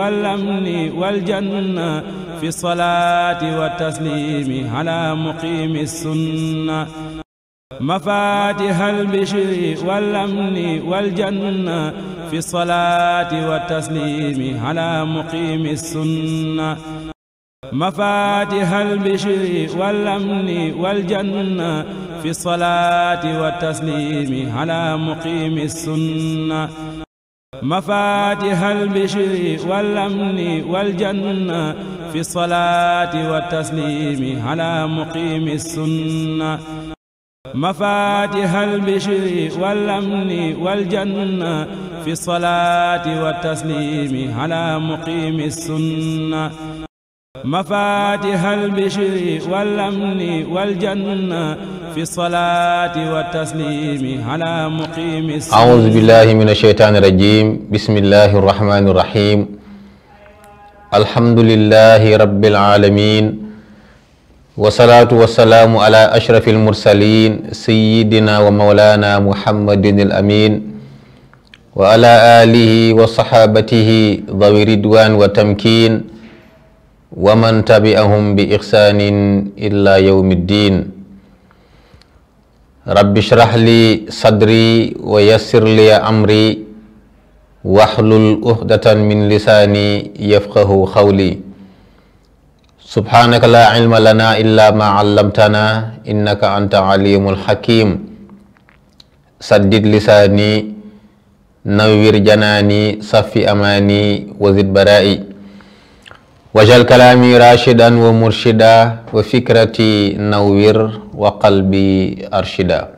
والأمن والجنة في الصلاة والتسليم على مقيم السنة مفاتح البشر والأمن والجنة في الصلاة والتسليم على مقيم السنة مفاتح البشر والأمن والجنة في الصلاة والتسليم على مقيم السنة مفاتيح البشر والأمن والجنة في الصلاة والتسليم على مقيم السنة مفاتيح البشر والأمن والجنة في الصلاة والتسليم على مقيم السنة مفاتيح البشر والأمن والجنة في الصلاة والتسليم على مقيم السنة أعوذ بالله من الشيطان الرجيم بسم الله الرحمن الرحيم الحمد لله رب العالمين والصلاة والسلام على أشرف المرسلين سيدنا ومولانا محمد الأمين وعلى آله وصحابته ذوي ردوان وتمكين wa man tabi'ahum bi ixsaanin ila yawmi ddiin rabbi shrah li sadri wa yassir li amri waxlul uxdatan min lisaani yafqahu xawli subhaanaka laa cilma lana illa ma callamtana innaka anta alimul xakim saddid lisaani nawwir janaani safi amaani wa zid baraa'i wajal kalaami rashidan wa murshida wa fikrati nawwir wa qalbi arshida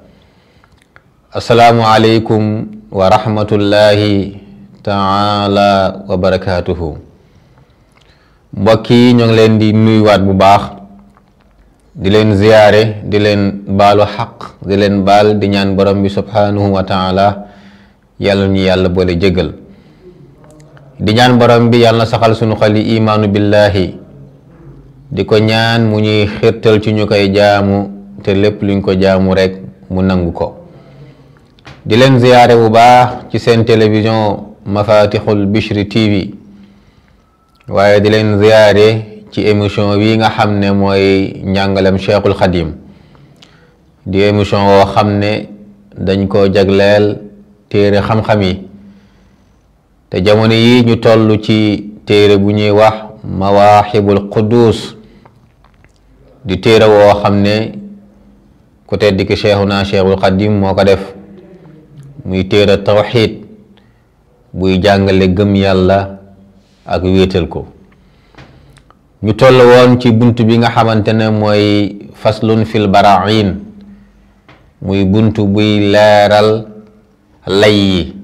assalaamu aleykum wa rahmatullahi taala wa barakaatuhu mbokk yi ñoo ngi leen di nuyuwaat bu baax di leen ziyaare di leen baalu xaq di leen baal di ñaan borom bi subhaanahu wa taala yàlla ñu yàlla boole di ñaan borom bi yàlla na saxal sunu xol yi imaanu billahi di ko ñaan mu ñuy xirtal ci ñu koy jaamu te lépp luñ ko jaamu rekk mu nangu ko di leen ziyaare bu baax ci seen télévision mafatixul bichri tv waaye di leen ziyaare ci émission wi nga xam ne mooy njàngalem cheikhul xadim di émission woo xam ne dañ ko jagleel téere xam-xam yi te jamono yi ñu toll ci téere bu ñuy wax mawaaxibul quddus di téere woo xam ne ku tedd ki cheikhuna cheikhul xadim moo ko def muy téere tawxid buy jàngale gëm yàlla ak wéetal ko ñu toll woon ci bunt bi nga xamante ne mooy faslun fil bara'in muy buntu buy leeral lay yi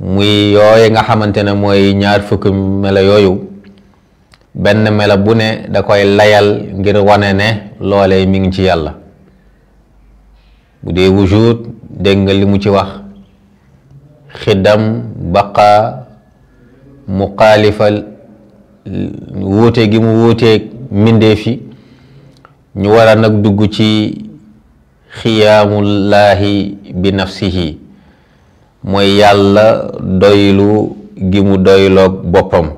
muy yooye nga xamante ne mooy ñaar fukki melo yooyu benn melo bu ne da koy layal ngir wane ne loolee mi ngi ci yàlla bu dee wujud dégg nga li mu ci wax xidam baqa muxaalifa wuute gi mu wuuteeg mbindeef yi ñu war a nag dugg ci xiyaamulaahi bi nafsihi mooy yàlla doylu gi mu boppam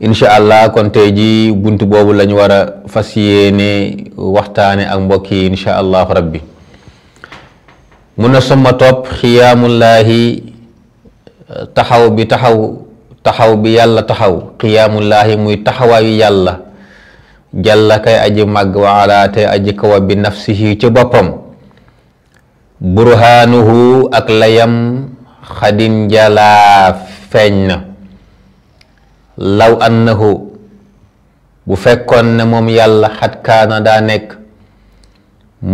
incha allah kon tey bunt boobu lañ war a fas yéene waxtaane ak mbokk yi incha allahu rabbi mun na sama topp xiyaamullaahi taxaw bi taxaw taxaw bi yàlla taxaw xiyaamullaahi muy taxawaayu yàlla jàlla kay aji màgg wa ala tey aji kawa bi nafsihi ci boppam burhaanuhu ak layam xadin jalaa feeñ na law annahu bu fekkoon ne moom yàlla xat kaana daa nekk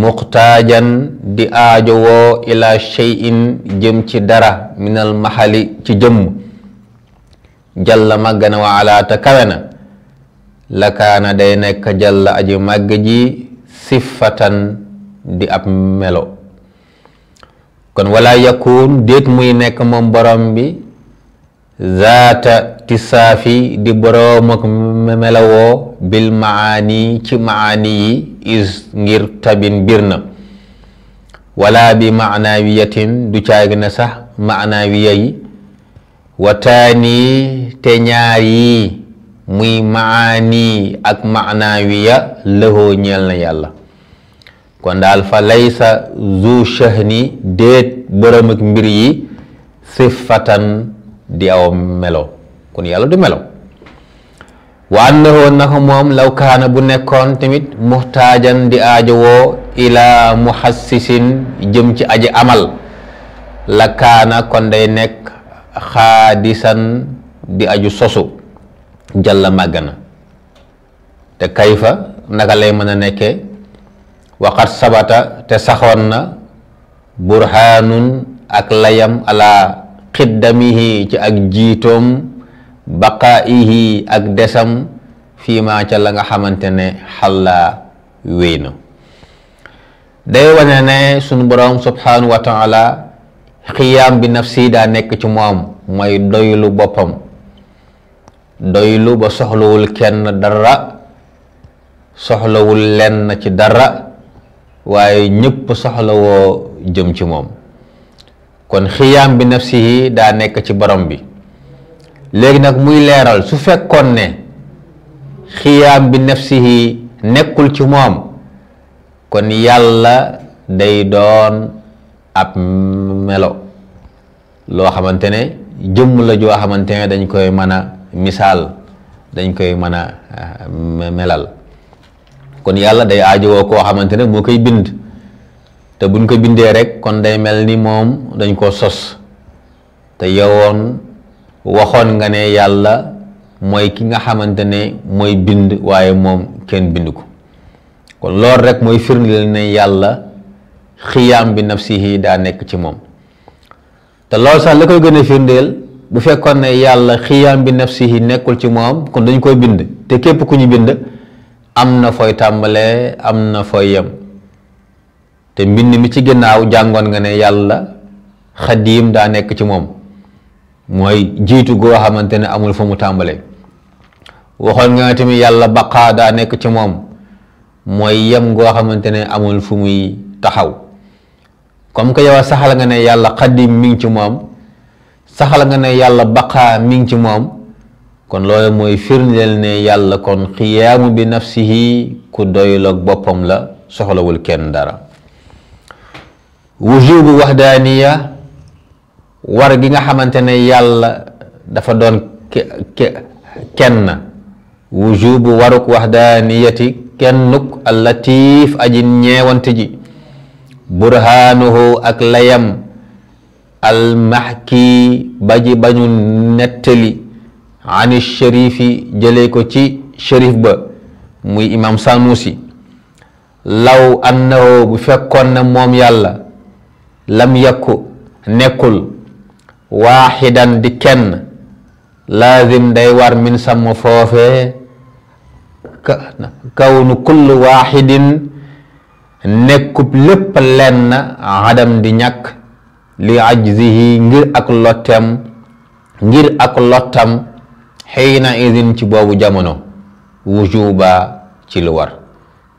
muxtaajan di aajowoo ila cheyin jëm ci dara minal mahali ci jëmm jalla màgg na wa alaata kawe la kaana day nekk jalla aji màgg ji siffatan di ab melo kon wala yakun déet muy nekk moom borom bi zaata tisaafi di boroom ak melawoo bil maani ci maani yi ngir tabin bir na wala bi maanawiyatin du caagi sax maanawiya yi wataani te ñaar yi muy maani ak maanawiya lëhoo ñeel na yàlla kon daal fa sa zu shahni déet bërëm ak mbir yi sifatan di aw melo kon yàlla du melo wa annahu naka moom law kaana bu nekkoon tamit muhtaajan di aajowoo ilaa muhassisin jëm ci aji amal la kaana kon day nekk xaadisan di aju sosu jàlla màgg na te kayfa naka lay mën a nekkee waqat sabata te saxoon na burhaanun ak layam ala xiddamihi ci ak jiitoom baqaa'ihi ak desam fiima ca la nga xamante ne xalla wéy na day wane ne sunu boroom subhanahu wa taala xiyaam bi nafsi daa nekk ci moom mooy doylu boppam doylu ba soxlawul kenn dara soxlawul lenn ci dara waaye ñépp soxlawoo jëm ci moom kon xiyaam bi nafsihi daa nekk ci borom bi léegi nag muy leeral su fekkoon ne xiyaam bi nafsihi nekkul ci moom kon yàlla day doon ab melo loo xamante ne jëmm la joo xamante ne dañ koy mën a misaal dañ koy mën a ah, melal kon yàlla day aajowoo koo xamante ne moo koy bind te buñ ko bindee rek kon day mel ni moom dañ koo sos te yowoon waxoon nga ne yàlla mooy ki nga xamante ne mooy bind waaye moom kenn bind ko kon loolu rek mooy firndeel ne yàlla xiyaam bi yi daa nekk ci moom te lool sax la koy gën a firndeel bu fekkoon ne yàlla xiyaam bi nafsihi nekkul ci moom kon dañ koy bind te képp ku ñu bind am na fooy tàmbalee am na fooy yem te mbind mi ci ginnaaw jàngoon nga ne yàlla xadiim daa nekk ci moom mooy jiitu goo xamante ne amul fu mu tàmbalee waxoon nga ne yàlla baqaa daa nekk ci moom mooy yem goo xamante ne amul fu muy taxaw comme que yow saxal nga ne yàlla xadiim mi ngi ci moom saxal nga ne yàlla baqaa mi ngi ci moom kon loolu mooy firndeel ne yàlla kon xiyaamu bi nafsihi ku doyloog boppam la soxlawul kenn dara wujubu waxdaaniya war gi nga xamante ne yàlla dafa doon kenn wujubu waruk waxdaaniyati kennuk allatif aji ñeewante ji burhaanuhu ak layam almaxki baji bañu nettali ani ko ci sharif ba muy imam sanusi law annahu bu fekkoon na moom yàlla lam yakku nekkul waaxidan di kenn laazim day war min sama foofe kawnu kullu waaxidin nekkub lépp lenn adam di ñàkk li ajzihi ak lottem ngir ak lottam na idin ci boobu jamono wujuba ci lu war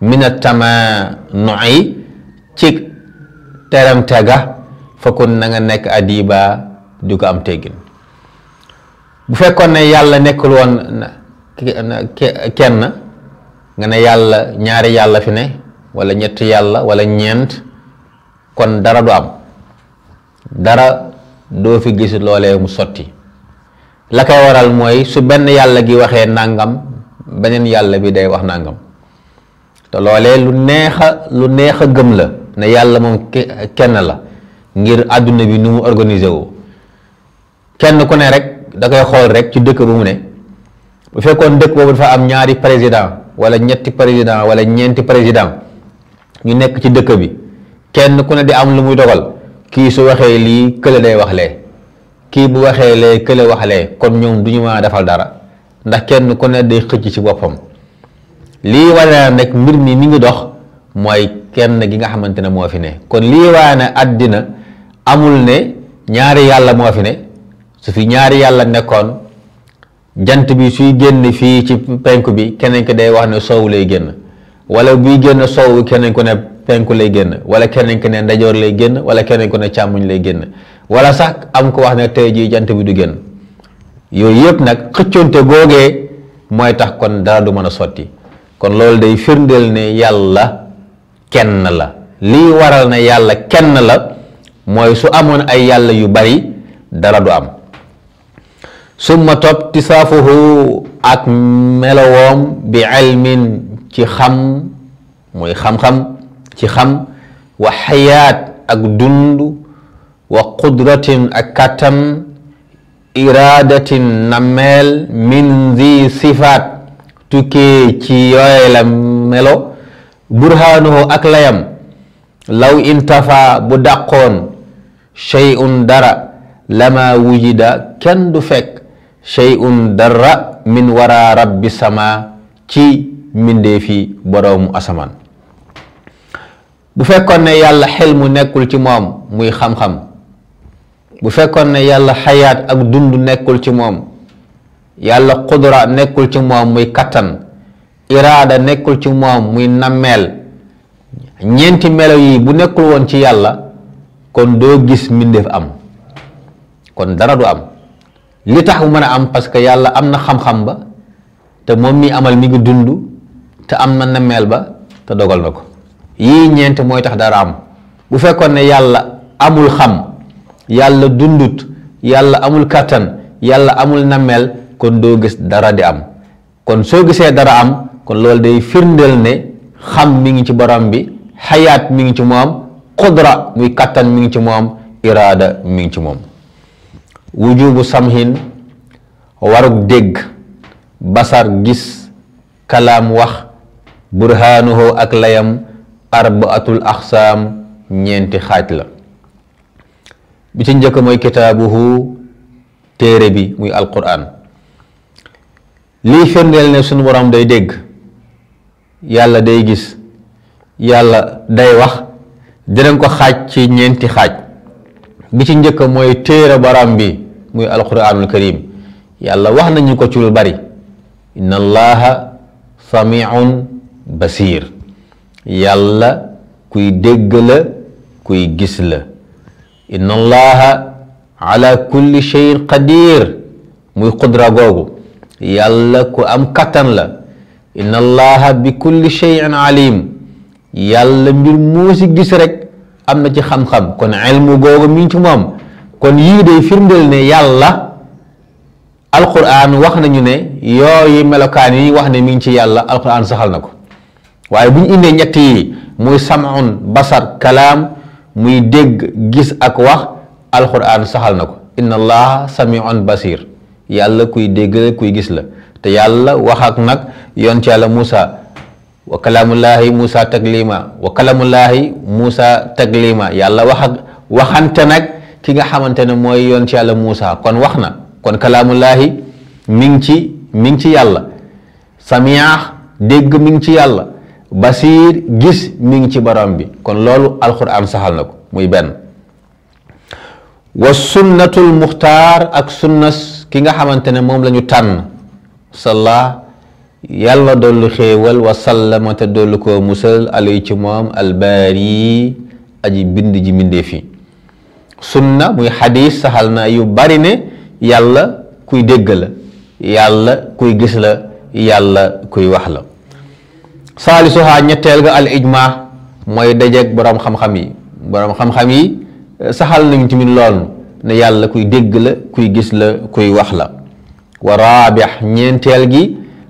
mina tama noy ci teramte ga fakkun na nga nekk adiba du ko am teggin bu fekkoon ne yàlla nekkul woon kenn nga ne yàlla ñaari yàlla fi ne wala ñett yàlla wala ñeent kon dara du am dara doo fi gis loolee mu sotti la koy waral mooy su benn yàlla gi waxee nàngam beneen yàlla bi day wax nàngam te loolee lu neex a lu neex a gëm la ne yàlla moom kenn la ngir àdduna bi nu mu organisé wu kenn ku ne rek da koy xool rek ci dëkk bu mu ne bu fekkoon dëkk boobu dafa am ñaari président wala ñetti président wala ñeenti président ñu nekk ci dëkk bi kenn ku ne di am lu muy dogal kii su waxee lii kële day wax lee kii bu waxee lee kële wax kon ñoom du ñu mën a defal dara ndax kenn ku ne day xëcc ci boppam lii wane na nag mbir mi mi ngi dox mooy kenn gi nga xamante ne moo fi ne kon lii wane na àddina amul ne ñaari yàlla moo fi ne su fi ñaari yàlla nekkoon jant bi suy génn fii ci penku bi keneen ko day wax ne soowu lay génn wala buy génn soowu keneen ko ne penku lay génn wala keneen ko ne ndajoor lay génn wala keneen ko ne càmmuñ lay génn wala sax am ko wax ne tey jii jant bi du génn yooyu yëpp nag xëcconte googee mooy tax kon dara du mën a sotti kon loolu day firndeel ne yàlla kenn la lii waral na yàlla kenn la mooy su amoon ay yàlla yu bari dara du am summa topp tisaafuhu ak melowoom bi ilmin ci xam mooy xam-xam ci xam wa xayaat ak dund wa qudratin ak kàttan iradatin nameel min zi sifaat tukkee ci yooye melo burhaanuhu ak layam law intafa bu dàqoon shay'un dara lama wujida kenn du fekk shay'un dara min wara rabbi sama ci mbindeefi boroomu asamaan bu fekkoon ne yàlla xel mu nekkul ci moom muy xam-xam bu fekkoon na yàlla xayaat ak dund nekkul ci moom yàlla qudra nekkul ci moom muy kattan iraada nekkul ci moom muy nammeel ñeenti melo yi bu nekkul woon ci yàlla kon doo gis mbindeef am kon dara du am li tax mu mën a am parce que yàlla am na xam-xam ba te moom mi amal mi ngi dund te am na nammeel ba te dogal na ko yii ñeenti mooy tax dara am bu fekkoon ne yàlla amul xam yàlla dundut yàlla amul kàttan yàlla amul nammeel kon doo gis dara di am kon soo gisee dara am kon loolu day firndeel ne xam mi ngi ci borom bi xayaat mi ngi ci moom qudra muy kàttan mi ngi ci moom iraada mi ngi ci moom wujubu samhin warug dégg basar gis kalaam wax burhaanuhu ak layam arbaatul axsaam ñeenti xaaj la bi ci njëkk mooy kitaabuhu téere bi muy alquran lii firndeel ne sunu borom day dégg yàlla day gis yàlla day wax dinañ ko xaaj ci ñeenti xaaj bi ci njëkk mooy téere borom bi muy alquranul karim yàlla wax nañu ko ci lu bari inna allaha samiun basir yàlla kuy dégg la kuy gis la inna allaha ala kulli cheyin qadir muy qudra googu yàlla ku am kattan la inna allaha bi kulli cheyin alim yàlla mbir muusi gis rek am na ci xam-xam kon ilmu googu mi ngi ci moom kon yii day firndeel ne yàlla alquran wax nañu ne yooyu melokaan yi wax ne mi ngi ci yàlla alquran saxal na ko waaye bu ñu indee ñett yi muy sam'un basar kalaam muy dégg gis ak wax alxuraan saxal na ko inna allaha samiun basir yàlla kuy dégg la kuy gis la te yàlla wax ak nag yoon ci yàlla Muusa wa kalaamullaahi Muusa taklima wa kalaamullaahi Muusa yàlla wax ak waxante nag ki nga xamante ne mooy yoon ci yàlla Muusa kon wax na kon kalaamullaahi mi ngi ci mi ngi ci yàlla samiyaax dégg mi ngi ci yàlla basiir gis mi ngi ci borom bi kon loolu alxuraan saxal na ko muy benn wa sunnatul muxtaar ak sunnas ki nga xamante ne moom lañu tànn salla yàlla dollu xéewal wa sallama te dollu koo musal alay ci moom albaari aji bind ji mbindee fi sunna muy xadis saxal na yu bari ne yàlla kuy dégg la yàlla kuy gis la yàlla kuy wax la saalisuhaa ñetteel ga al ijma mooy dajeeg boroom xam-xam yi boroom xam-xam yi eh, saxal nañ tamit lool ne yàlla kuy dégg la kuy gis la kuy wax la wa raabix ñeenteel gi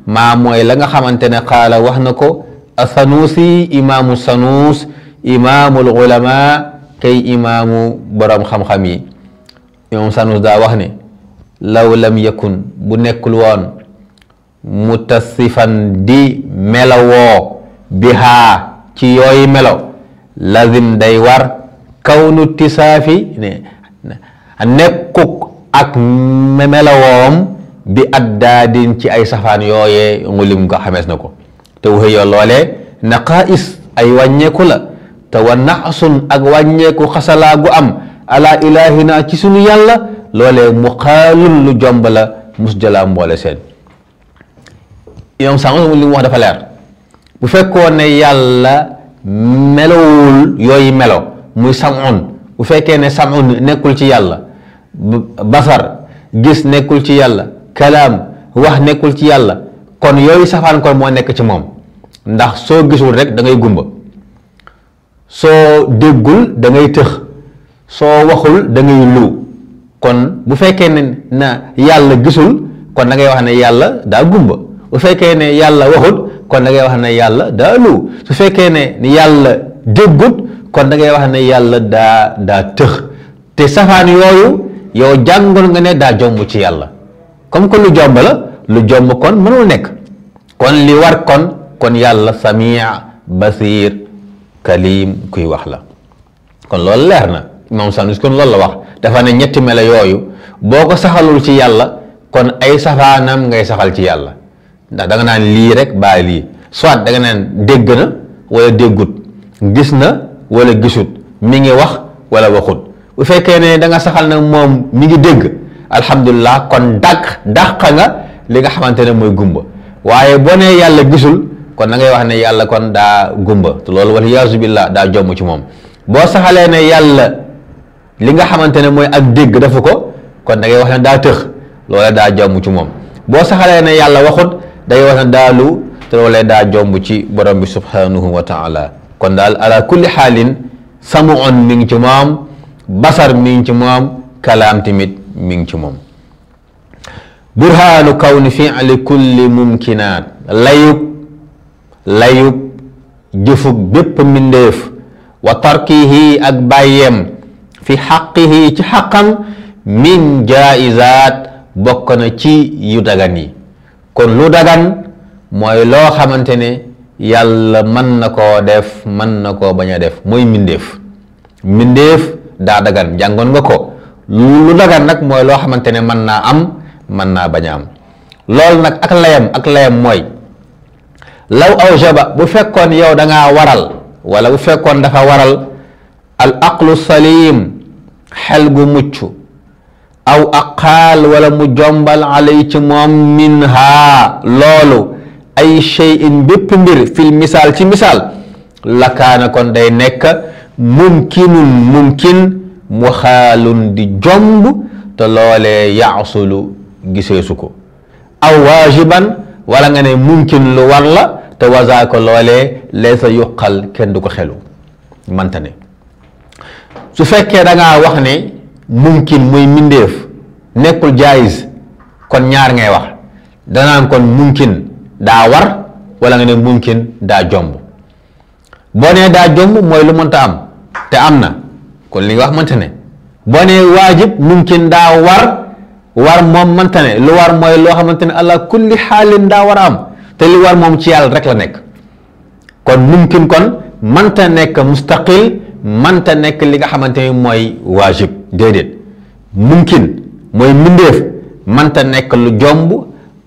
maa mooy la nga xamante ne qaala wax na ko asanuusi imaamu sanuus imaamul ulama kay imaamu boroom xam-xam yi imam sanuus daa wax ne law lam yakun bu nekkul woon mu mutasifan di melowoo bihaa ci yooyu melo lazim day war kaw nu tisaafi nekkuk ak melowoom bi daadin ci ay safaan yooyee ngulim nga xamees na ko te waxi yoo loolee naqaais ay wàññeeku la te wa naxsun ak wàññeeku xasalaa gu am ala ilaahina ci sunu yàlla loolee mu xaalul lu jomb la mus jëlaa mboole seen imaam Sango li mu wax dafa leer bu fekkoon ne yàlla melowul yooyu melo muy samun bu fekkee ne samun nekkul ci yàlla basar gis nekkul ci yàlla kalaam wax nekkul ci yàlla kon yooyu safaan kon moo nekk ci moom ndax soo gisul rek da ngay gumba soo déggul dangay tëx soo waxul da lu kon bu fekkee ne na yàlla gisul kon da ngay wax ne yàlla daa gumba bu fekkee ne yàlla waxut kon da wax na yàlla daa lu fekkee ne yàlla déggut kon da ngay wax ne yàlla daa daa tëx te safaan yooyu yow jàngoon nga ne daa jomb ci yàlla comme que lu jomb la lu jomb kon mënul nekk kon li war kon kon yàlla samia basir kalim kuy wax la kon loolu leer na moom sanus kon loolu la wax dafa ne ñetti melo yooyu boo ko saxalul ci yàlla kon ay safaanam ngay saxal ci yàlla ndax danga nga naan lii rek baa lii soit da nga dégg na wala déggut gis na wala gisut mi ngi wax wala waxut bu fekkee ne da nga saxal nag moom mi ngi dégg alhamdulilah kon dàq dàq nga li nga xamante ne mooy gumba waaye boo nee yàlla gisul kon da ngay wax ne yàlla kon daa gumba te loolu wala yaasu billah daa jomm ci moom boo saxalee ne yàlla li nga xamante ne mooy ak dégg dafa ko kon da ngay wax ne daa daa jomm ci moom boo saxalee ne yàlla waxut day daalu te loolee daa jomb ci borom bi subhanahu wa taala kon daal ala kulli xaalin samu on ci moom basar mi ngi ci moom kalaam tamit mi ngi ci moom burhaanu kawni fi'li kulli mumkinaat layub layub jëfug bépp mbindeef wa tarkihi ak bàyyeem fi xaqihi ci xaqam min jaa'izaat bokk na ci yu dagan kon lu dagan mooy loo xamante ne yàlla mën na ko def mën na ko bañ a def mooy mbindeef mbindeef daa dagan jàngoon nga ko lu dagan nag mooy loo xamante ne mën naa am mën naa bañ a am loolu nag ak layam ak layam mooy law awjaba bu fekkoon yow danga waral wala bu fekkoon dafa waral al aqlu salim xel gu mucc aw aqaal wala mu jombal alay ci moom min haa loolu ay cheyin bépp mbir fil misaal ci misaal lakaana kon day nekk mumkinun mumkin mu xaalun di jomb te loolee yaasulu giseesu ko aw waajiban wala nga ne mumkin lu war la te wasaa ko loolee laysa yuqal kenn du ko xelu mante ne su fekkee dangaa wax ne mumkin muy mindeef nekkul jaayis kon ñaar ngay wax danaan kon mumkin daa war wala nga ne mumkin daa jomb boo nee daa jomb mooy lu mënta am te am na kon li nga wax mënta ne boo nee waajib mumkin daa war war moom mënta ne lu war mooy loo xamante ne ala kulli xaalin daa war a am te li war moom ci yàlla rek la nekk kon mumkin kon mënta nekk mustaqil manta nekk li nga xamante ni mooy waajib déedéet mumkin mooy mbindeef manta nekk lu jomb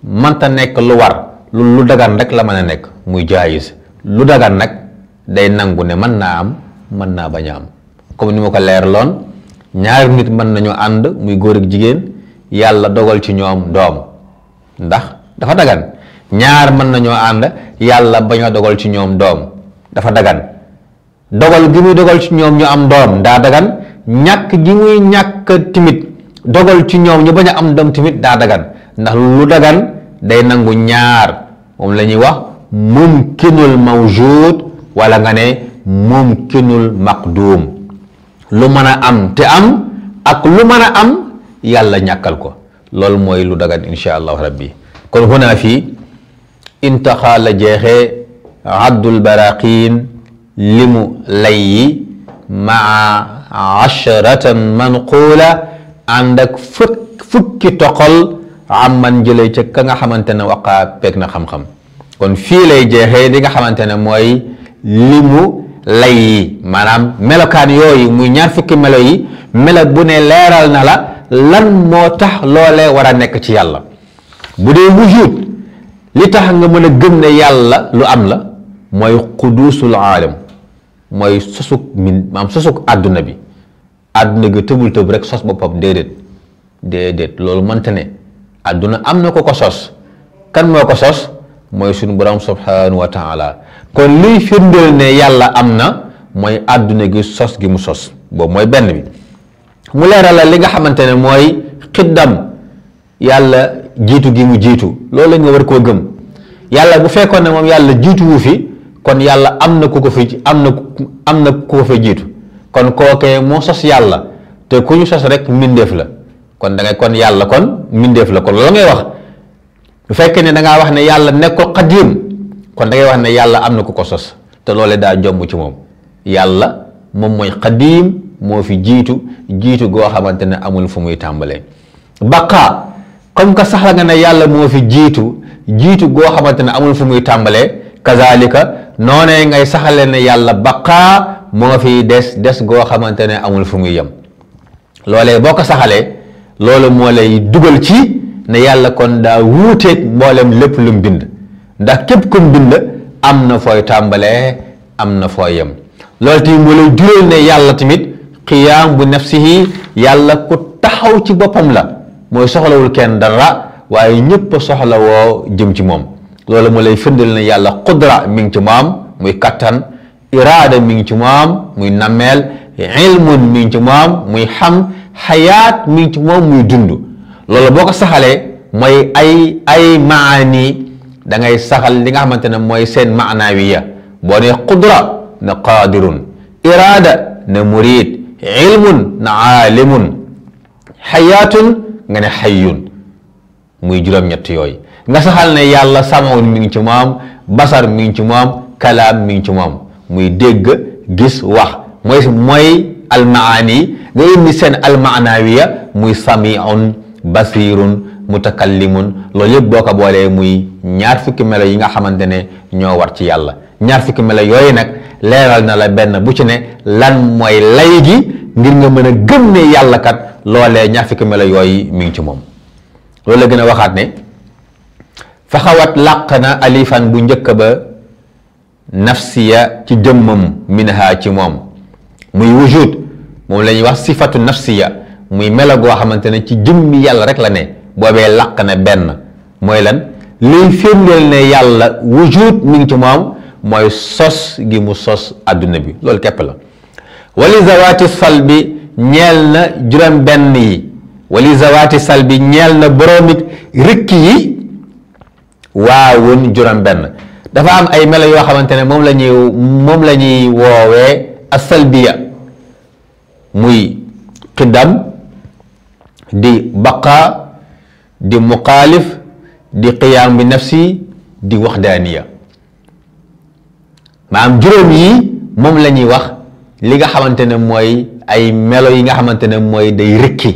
manta nekk lu war lu lu dagan rek la mën a nekk muy jaayis lu dagan nag day nangu ne mën naa am mën naa bañ a am comme ni ma ko leer loon ñaari nit mën nañu ànd muy góor ak jigéen yàlla dogal ci ñoom doom ndax dafa dagan ñaar mën nañoo ànd yàlla bañ dogal ci ñoom doom dafa dagan dogal gi muy dogal ci ñoom ñu am doom daa dagan ñàkk gi muy ñàkk timit dogal ci ñoom ñu bañ a am doom timit daa dagan ndax lu dagan day nangu ñaar moom la ñuy wax mumkinul mawjud walla nga ne mumkinul maqdum lu mën a am te am ak lu mën a am yàlla ñàkkal ko loolu mooy lu dagan insha allahu rabbi kon huna fii intaxa la jeexee addul baraqin limu layyi maa asharatan manquula ànd ak fukk fukki toqol amman jëlee ca ka nga xamante ne waqaa peeg na xam-xam kon fii lay jeexee li nga xamante ne mooy limu lay yi maanaam melokaan yooyu muy ñaar fukki melo yi melo bu ne leeral na la lan moo tax loolee war a nekk ci yàlla bu dee wujud li tax nga mën a gëm ne yàlla lu am la mooy qudusul aalam mooy sosug min maam sosug àdduna bi àdduna gi tëbul tëb rek sos boppam déedéet déedéet loolu mënta ne adduna am na ko ko sos kan moo ko sos mooy suñu borom subhanahu wa taala kon liy firndeel ne yàlla am na mooy àdduna gi sos gi mu sos boobu mooy benn bi mu leeral la li nga xamante ne mooy xiddam yàlla jiitu gi mu jiitu loolu la nga war koo gëm yàlla bu fekkoon ne moom yàlla jiituwu fi kon yàlla am na ku ko fi am na am na ku ko fi jiitu kon kookee moo sos yàlla te ku ñu sos rek mbindeef la kon da kon yàlla kon mbindeef la kon loolu ngay wax bu fekkee ne da wax ne yàlla nekkoo xadiim kon da wax ne yàlla am na ku ko sos te loole daa jomb ci moom yàlla moom mooy xadiim moo fi jiitu jiitu goo xamante ne amul fu muy tàmbalee baqaa comme que sax la nga ne yàlla moo fi jiitu jiitu goo xamante ne amul fu muy tàmbalee. kazalika noonee ngay saxale ne yàlla baqaa mu moo fi des des goo xamante ne amul fu muy yem loole boo ko saxalee loolu moo lay dugal ci ne yàlla kon daa wuuteeg mboolem lépp lu mu bind ndax képp ku mu bind am na fooy tàmbalee am na fooy yem loolu tamit moo lay jural ne yàlla tamit qiyaam bu nafsihi yàlla ku taxaw ci boppam la mooy soxlawul kenn dara waaye ñëpp soxla jëm ci moom loolu mu lay firndeel ne yàlla qudra mi ngi ci moom muy kattan iraada mi ngi ci moom muy nammeel ilmun mi ngi ci moom muy xam xayaat mi ngi ci moom muy dund loolu boo ko saxalee mooy ay ay maani da ngay saxal li nga xamante ne mooy seen maanaawiya boo ne qudra na qaadirun iraada na murid ilmun na aalimun xayaatun nga ne xayyun muy juróom-ñett yooyu nga saxal ne yàlla samoon mi ngi ci moom basar mi ngi ci moom kalaam mi ngi ci moom muy dégg gis wax mooy mooy almaani nga indi seen almaanawiya muy samiun basirun mutakallimun loolu yëpp boo ko boolee muy ñaar fukki melo yi nga xamante ne ñoo war ci yàlla ñaar fukki melo yooyu nag leeral na la benn bu ci ne lan mooy lay gi ngir nga mën a gëm ne yàlla kat loolee ñaar fukki melo yooyu mi ngi ci moom loolu la gën a waxaat ne faxawat làq na alifan bu njëkk ba nafsiya ci jëmmam minha ci moom muy wujud moom la ñuy wax sifatu nafsiya muy melo goo xamante ne ci jëmmi yàlla rek la ne boobee làq na benn mooy lan liy firndeel ne yàlla wujud mi ngi ci moom mooy sos gi mu sos àdduna bi loolu képp la wali zawaati salbi ñeel na juróom benn yi wali zawaati salbi ñeel na boroomit rikk yi waawun juróom benn dafa am ay melo yoo xamante ne moom la moom la ñuy woowee asalbiya muy xidam di baqa di muqaalif di qiyaam bi nafsi di waxdaaniya maanaam juróom yi moom la ñuy wax li nga xamante ne mooy ay melo yi nga xamante ne mooy day rëkki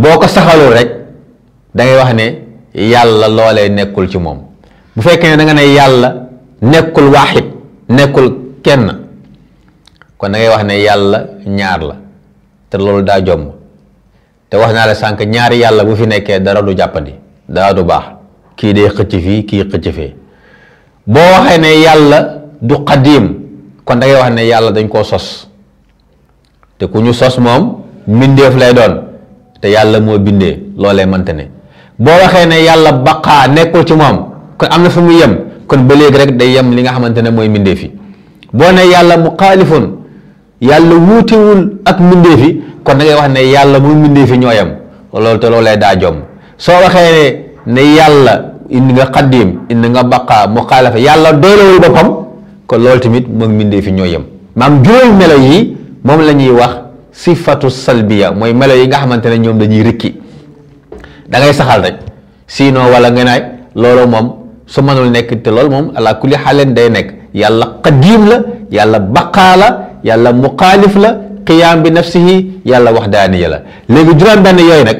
boo ko saxalul rek dangay wax ne yàlla loole nekkul ci moom bu fekkee ne nga ne yàlla nekkul waaxid nekkul kenn kon dangay wax ne yàlla ñaar la te loolu daa jomb te wax naa la sànq ñaari yàlla bu fi nekkee dara du jàppandi dara du baax kii dee xëcc fii kii xëcc fee boo waxee ne yàlla du xadiim kon da wax ne yàlla dañ koo sos te ku ñu sos moom mbindeef lay doon te yàlla moo bindee loolee mënta ne boo waxee ne yàlla baqaa nekkul ci moom kon am na fu muy yem kon ba léegi rek day yem li nga xamante ne mooy mbindeef yi boo ne yàlla muxaalifun yàlla wuutewul ak mbindeef kon da wax ne yàlla muy mbindeef yi ñoo yem loolu te loolu lay daa jom soo waxee ne yàlla indi nga xaddiim indi nga baqaa muxaalifa yàlla doylawul boppam kon loolu tamit moom mbindeef yi ñoo yem maam juróom melo yi moom la ñuy wax sifatu salbiya mooy melo yi nga xamante ne ñoom dañuy rëkki da ngay saxal rek sinon wala nga naay loolu moom su manul nekk te loolu moom ala kulli xaaleen day nekk yàlla qadiim la yàlla baqaa la yàlla muqaalif la qiyaam bi nafsihi yàlla waxdaaniya la léegi juróom benn yooyu nag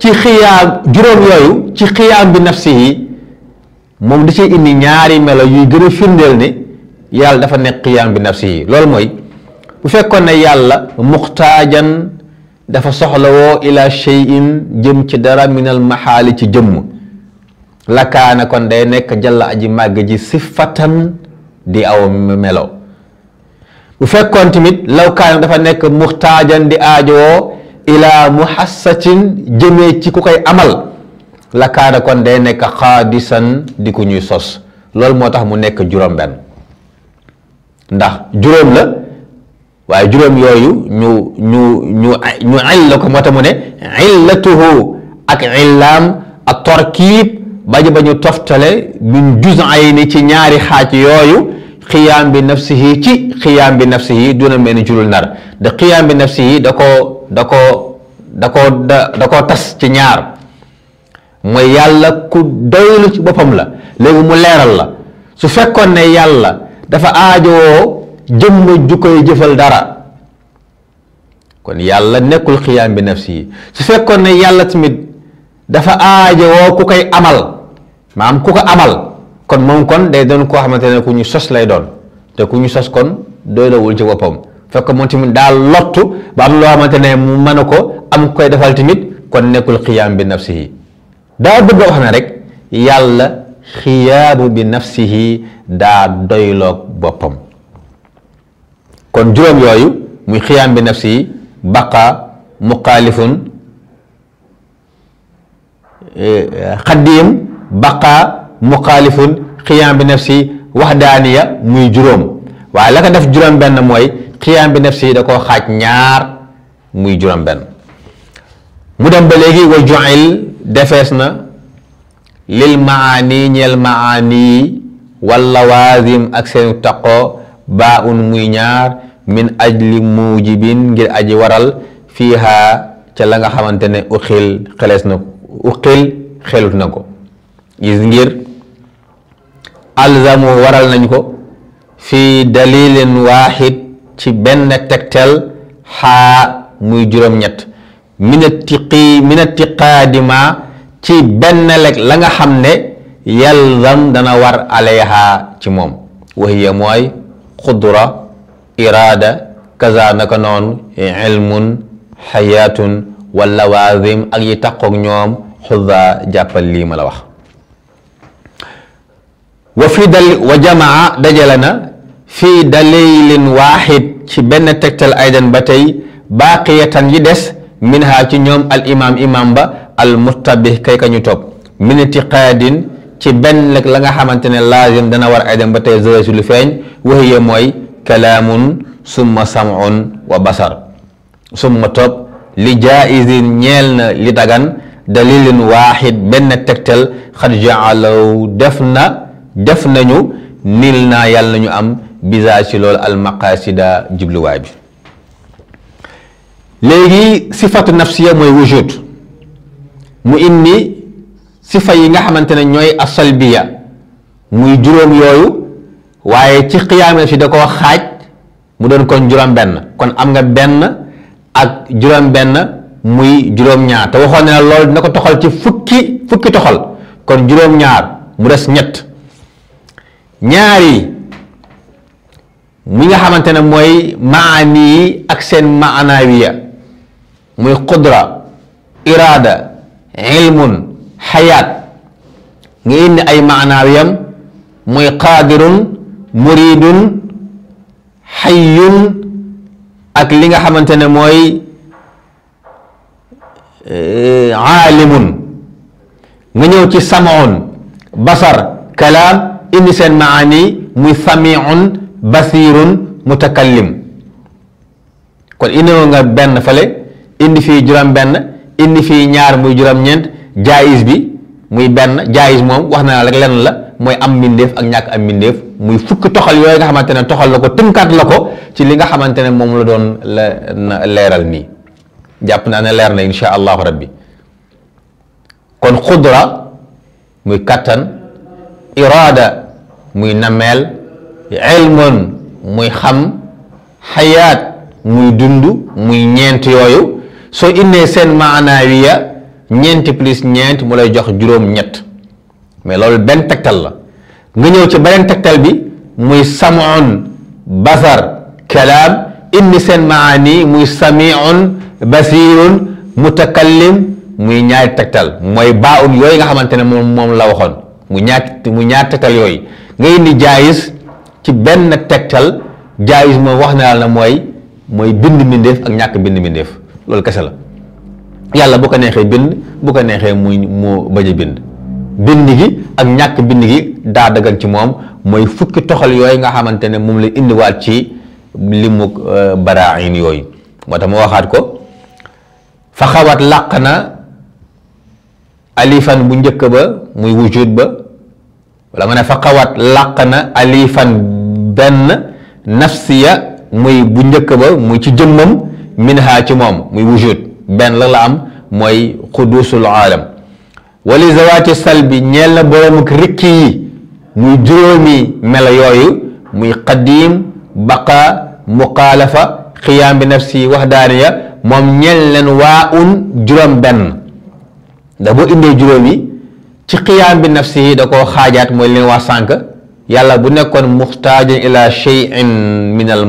ci xiyaam juróom yooyu ci xiyaam bi nafsihi moom da cee indi ñaari melo yuy gën a firndeel ni yàlla dafa nekk qiyaam bi nafsihi loolu mooy bu fekkoon ne yàlla muxtaajan dafa soxlawoo ila shay'in jëm ci dara minal maxaali ci jëmm lakkaana kon day nekk jalla aji màgg ji sifatan di aw melo bu fekkoon tamit law kaana dafa nekk muxtaajan di aajowoo ila muhassatin jëmee ci ku koy amal lakkaana kon day nekk xaadisan di ku ñuy sos loolu moo tax mu nekk juróom benn ndax juróom la waaye juróom yooyu ñu ñu ñu ñu illa ko moo tax mu ne ay illatuhu ak illaam ak torkiib bañ ba ñu toftale min juz'ayni ci ñaari xaaj yooyu xiyaam bi nafsihi ci xiyaam bi nafsihi duna mel ni julul nar da xiyaam bi nafsihi da koo da koo da koo da da koo tas ci ñaar mooy yàlla ku doylu ci boppam la léegi mu leeral la su fekkoon ne yàlla dafa aajowoo jëmm ju koy jëfal dara kon yàlla nekkul xiyaam bi nafsi yi su fekkoon ne yàlla tamit dafa aajowoo ku koy amal maam ku ko amal kon moom kon day doon koo xamante ne ku ñu sos lay doon te ku ñu sos kon doylawul ci boppam fekk moom tamit daal lottu ba am loo xamante ne mu mën a ko am koy defal tamit kon nekkul xiyaam bi nafsihi daa bëgg wax ne rek yàlla xiyaamu bi nafsihi daa doylook boppam kon juróom yooyu muy xiyaam bi nafsi baqa muqaalifun eh, xaddiim baqa muqaalifun xiyaam bi nafsi waxdaaniya muy juróom waaye la ko def juróom benn mooy xiyaam bi nafsi da koo xaaj ñaar muy juróom benn mu dem ba léegi wa juil defees na lil maani ñeel maani wal ak seen taqoo baa un muy ñaar min ajli mujibin ngir aji waral fiiha ca la nga xamante ne uxil xelees na xelut na ko gis ngir alzamu waral nañ ko fii dalilin waaxid ci benn tegtel xaa muy juróom-ñett min atiqi ci benn lekk la xam ne yalzam dana war aleyha ci moom wahiya mooy xudura iraada kaza naka noonu ilmun xayaatun wa lawaazim ak yi taqoog ñoom xuda jàppal lii ma la wax wa fi dal wa jamaa dajale na fii dalilin waaxid ci benn tegtal aydan ba tey baaqiyatan yi des minha ci ñoom al imam imam ba al mustabih kay ka ñu topp min itiqaadin ci benn la nga xamante ne laazim dana war ay dem ba tey zëre si lu feeñ waxiye mooy kalaamun summa samun wa basar summa topp li jaaisin ñeel na li dagan dalilin waaxid benn tegtal xad jaalaw def na def nañu nil naa yàlla nañu am bisa ci loolu almaqasida jubluwaay bi léegi sifatu nafsiya mooy wujud mu indi sifa yi nga xamante ne ñooy asalbiya muy juróom yooyu waaye ci xiyaame si da ko xaaj mu doon kon juróom benn kon am nga benn ak juróom benn muy juróom ñaar te waxoon ne loolu dina ko toxal ci fukki fukki toxal kon juróom ñaar mu des ñett ñaari yi mi nga xamante ne mooy maani yi ak seen maanaawiya muy qudra iraada ilmun xayaat nga indi ay maanaawiyam muy qaadirun muridun xayyun ak li nga xamante ne mooy eh, aalimun nga ñëw ci samaun basar kalaam indi seen maani muy samiun basirun mutakallim kon indi nga benn fale indi fii juróom benn indi fii ñaar muy juróom ñeent jaayis bi muy benn jaayis moom wax na rek lenn la mooy am mbindeef ak ñàkk am mbindeef muy fukk toxal yooyu nga xamante ne toxal la ko tënkaat la ko ci li nga xamante ne moom la doon la leeral nii jàpp naa ne leer na insha allahu rabbi kon xudra muy kattan iraada muy nameel ilmun muy xam xayaat muy dund muy ñeent yooyu soo innee seen maanaawiya ñeenti plus ñeent mu lay jox juróom-ñett mais loolu benn tegtal la nga ñëw ci beneen tegtal bi muy samun basar kalaam indi seen maani muy samiun basirun mutakallim muy ñaari tegtal mooy baa un yooyu nga xamante ne moom moom la waxoon mu ñaar mu ñaar tegtal yooyu nga indi jaayis ci benn tegtal jaayis moom wax na la mooy mooy bind mbindeef ak ñàkk bind mbindeef loolu kese la yàlla bu ko neexee bind bu ko neexee muy mu bañ bind bind gi ak ñàkk bind gi daa ci moom mooy fukki toxal yooyu nga xamante ne moom la indiwaat ci limu euh, baraayin yooyu moo tax waxaat ko fa xawat làq na alifan bu njëkk ba muy wujud ba wala nga ne fa xawat làq na alifan benn nafsiya muy bu njëkk ba muy ci jëmmam minha ci moom muy wujud benn la la am mooy xudusul aalam wali salbi ñeel na boroom ak yi muy juróomi melo yooyu muy qadiim baqa muqaalafa xiyaam bi nafsi ya moom ñeel leen waa un juróom benn da boo indee juróomi ci xiyaam bi nafsi yi da xaajaat mooy leen waa sànq yàlla bu nekkoon muxtaajan ila cheyin min al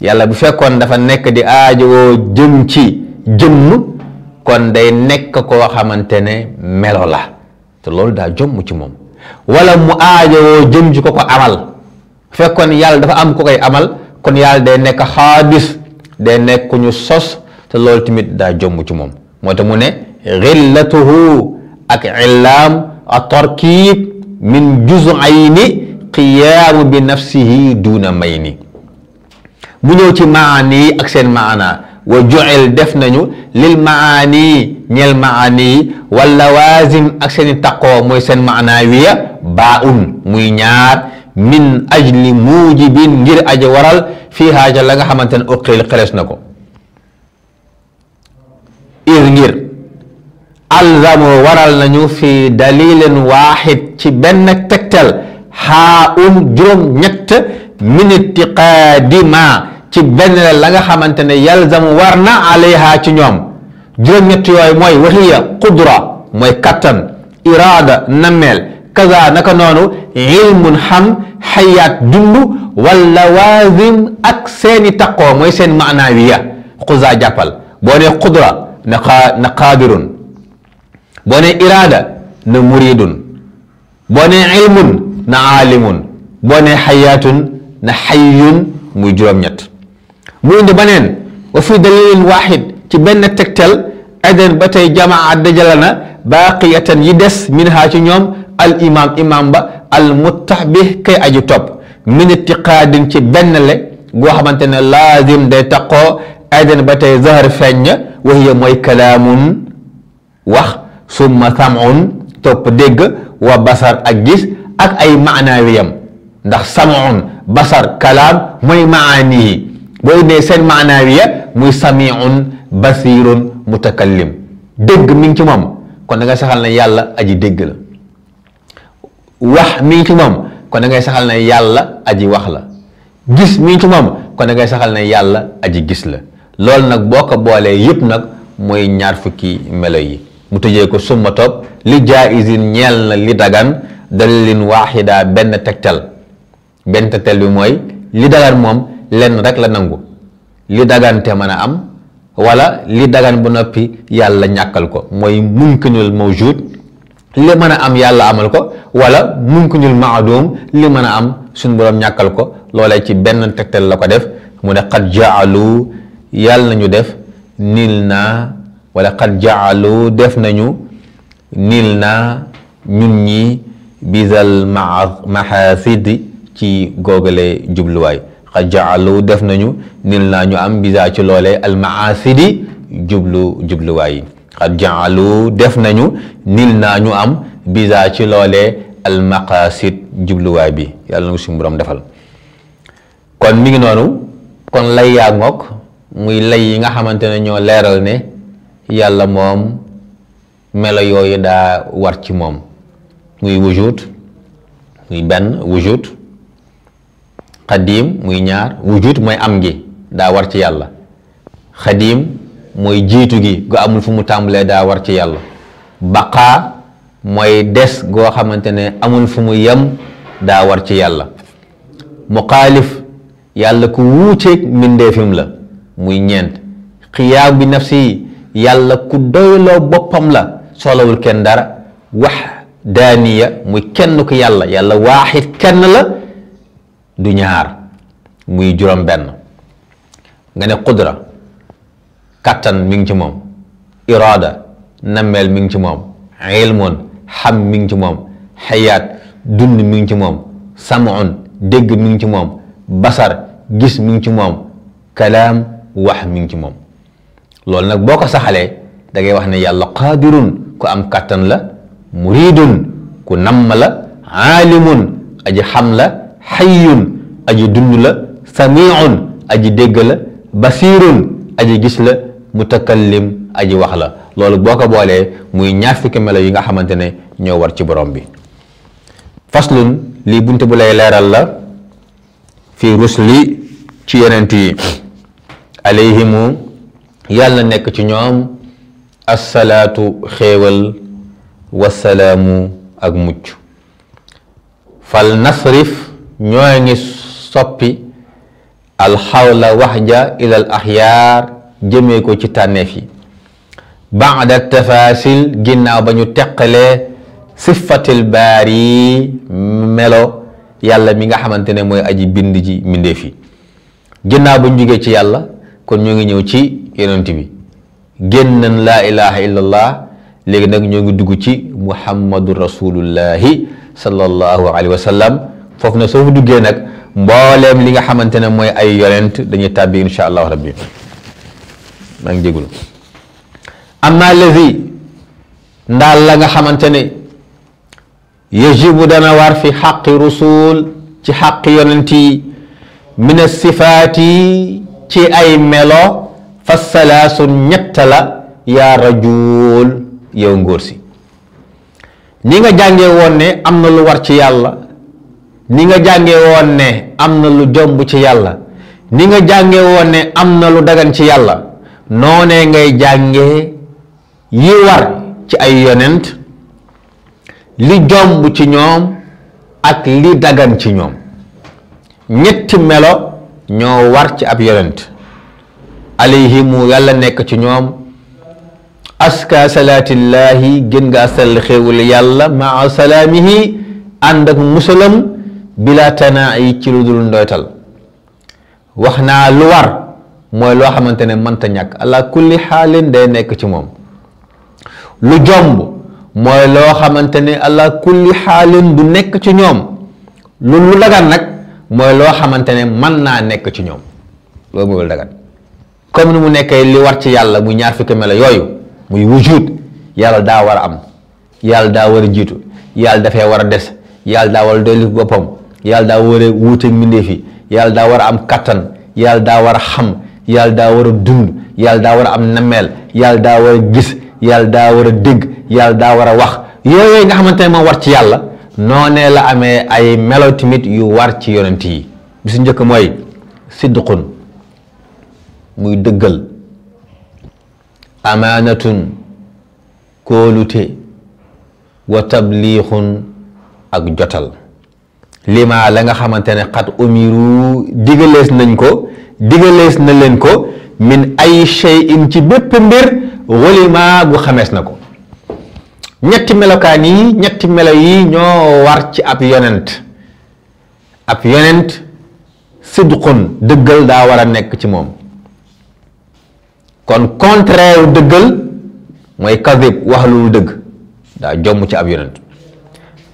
yàlla bu fekkoon dafa nekk di aajowoo jëm ci jëm kon day nekk koo xamante ne melo la te loolu daa jomm ci moom wala mu aajowoo jëm ci ko ko amal fekkoon yàlla dafa am ko koy amal kon yàlla day nekk xaadis day nekk ku sos te loolu tamit daa jomm ci moom moo tax mu ne xillatuhu ak illaam a tarkiib min juzayni qiyaamu bi nafsihi duuna may ni mu ñëw ci maani ak seen maana wa joel def nañu lil maani ñeel maani wal lawazim ak seeni taqoo mooy seen maana wiya baa un ñaar min ajli mujibin ngir aja waral fii haaja la nga xamante ne uqil xeles na ko ngir alzamo waral nañu fi dalilin waaxid ci benn tegtal xaa un juróom ñett min itiqaadi ma ci benn la nga xamante ne yalzamu war na alayha ci ñoom juróom-ñett yooyu mooy waxiya qudra mooy kattan iraada nammeel kaza naka noonu ilmun xam xayaat dund wala waazim ak seeni taqoo mooy seen maanaawiya xuza jàppal boo ne qudra na qaa na qaadirun na muridun boo ne na aalimun boo ne na xayyun muy juróom mu indi baneen wa fi dalilin waaxid ci benn tegtal aden ba tey jamaa dajala na baaqiyatan yi des minha ci ñoom al imam imam ba al muttaxbih kay aju topp min itiqaadin ci benn le goo xamante ne laazim day taqoo aden ba tey zahar feeñ wa mooy kalaamun wax summa samun topp dégg wa basar ak gis ak ay maanaawiyam ndax samun basar kalaam mooy maani boo indee seen ya muy samiun basirun mutakallim dégg mi ngi ci moom kon da saxal na yàlla aji dégg la wax mi ngi ci moom kon da ngay saxal na yàlla aji wax la gis mi ngi ci kon da ngay saxal ne yàlla aji gis la loolu nag boo ko boolee yëpp nag mooy ñaar fukki melo yi mu tëjee ko summa topp li jaaisin ñeel na li dagan dalilin waaxida benn tegtal benn tegtal bi mooy li dagan moom lenn rek la nangu li dagante mën a am wala li dagan ba noppi yàlla ñàkkal ko mooy mumkinul mawjud li mën a am yàlla amal ko wala mumkinul maadum li mën a am suñ boroom ñàkkal ko loole ci benn tegtal la ko def mu ne xat jaalu yàlla ñu def niil na wala xat jaalu def nañu niil na ñun ñi bisal maxasidi ci googale jubluwaay qad jaalu def nañu nil naa ñu am bisa ci loolee almaasidi jublu jubluwaay yi qad jaalu def nañu nil naa ñu am bisa ci loole almaqasid jubluwaay bi yàlla na ko suñu defal kon mi ngi noonu kon lay yaa ngoog muy lay yi nga xamante ne ñoo leeral ne yàlla moom melo yooyu daa war ci moom muy wujud muy benn wujud xadiim muy ñaar wujud mooy am gi daa war ci yàlla xadiim mooy jiitu gi gu amul fu mu tàmbulee daa war ci yàlla baqaa mooy des goo xamante ne amul fu mu yem daa war ci yàlla mu xaalif yàlla ku wuuteeg mbindeefim la muy ñeent xiyaam bi nafsi yàlla ku doyloo boppam la soolawul kenn dara wax daaniya muy kenn ku yàlla yàlla waaxit kenn la du ñaar muy juróom-benn nga ne qudra kattan mi ngi ci moom iraada nammeel mi ngi ci moom ilmun xam mi ngi ci moom xayaat dund mi ngi ci moom samun dégg mi ngi ci moom basar gis mi ci moom kalaam wax mi ngi ci moom loolu nag boo ko saxalee da wax ne yàlla qaadirun ku am kattan la muridun ku namm la aalimun aji xam la xayyun aji dund la samiun aji dégg la basirun aji gis la mutakallim aji wax la loolu boo ko boolee muy ñaar fukki melo yi nga xamante ne ñoo war ci borom bi faslun lii bunt bu lay leeral la fii li ci yonent yi alayhimu yàlla nekk ci ñoom assalaatu xéewal wasalaamu ak mucc fal ñoo ngi soppi alxawla waxja ila al axyaar jëmee ko ci tànneef yi baada tafasil ginnaaw ba ñu teqalee sifatil baari melo yàlla mi nga xamante ne mooy aji bind ji mbindeef yi ginnaaw bu ñu ci yàlla kon ñu ngi ñëw ci yonent bi génn nañ laa ilaha illallah léegi nag ñoo ngi dugg ci muhammadu rasulullahi sallallahu alayhi wa sallam foofu nag soo duggee nag mbooleem li nga xamante ne mooy ay yonent dañuy tàbbi insha allahu rabbi maa ngi jégalu amma lazi ndaal la nga xamante ne yajibu dana war fi xaqi rusul ci xaqi yonent yi min asifaati ci ay melo fa salaasun ñett la yaa rajul yow ngóor si ni nga jàngee woon ne am na lu war ci yàlla ni nga jànge woon ne am na lu jomb ci yàlla ni nga jànge woon ne am na lu dagan ci yàlla noonee ngay jànge yi war ci ay yonent li jomb ci ñoom ak li dagan ci ñoom ñetti melo ñoo war ci ab yonent alayhimu yàlla nekk ci ñoom aska salaatillaahi gën nga asal xéewul yàlla maa salaamihi ànd ak musalam bila tanaa yi ci lu dul ndoytal wax naa lu war mooy loo xamante ne mënta ñàkk ala kulli xaalin day nekk ci moom lu jomb mooy loo xamante ne ala kulli xaalin du nekk ci ñoom lu lu dagan nag mooy loo xamante ne mën naa nekk ci ñoom loolu mooy lu dagan comme ni mu nekkee li war ci yàlla muy ñaar fukki melo yooyu muy wujud yàlla daa war a am yàlla daa war a jiitu yàlla dafay war a des yàlla daa war a dolli boppam yàlla daa war a wuuteeg yàlla daa war a am kàttan yàlla daa war daa war a am nameel yàlla daa war a gis yàlla daa war a dégg yàlla daa war a wax yooyu nga xamante ne war ci yàlla noonee la amee ay melo tamit yu war ci yonent yi bi su njëkk mooy sidqun muy dëggal amaanatun kóolute wa tabliixun ak jotal lima la nga xamante ne xat umiru digalees nañ ko digalees na leen ko min ay shay'in ci bépp mbir walima gu xamees na ko ñetti melokaan yi ñetti melo yi ñoo war ci ab yonent ab yonent sidqun dëggal daa war a nekk ci moom kon contraire dëggal mooy kadib wax lu dëgg daa jomm ci ab yonent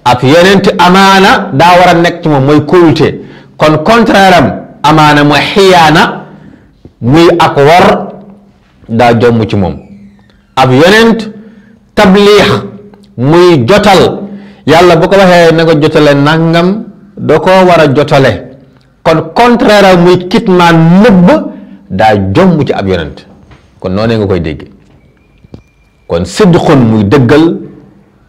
ak yonent amaana daa war a nekk ci moom mooy kóolute kon contraire amaana mooy xiyaana muy ak war daa jomb ci moom ab yonent tabliix muy jotal yàlla bu ko waxee na ko jotale nangam da ko war a jotale kon contraire muy muy kitmaan nëbb daa jomb ci ab yonent kon noonee nga koy dégg kon sidqun muy dëggal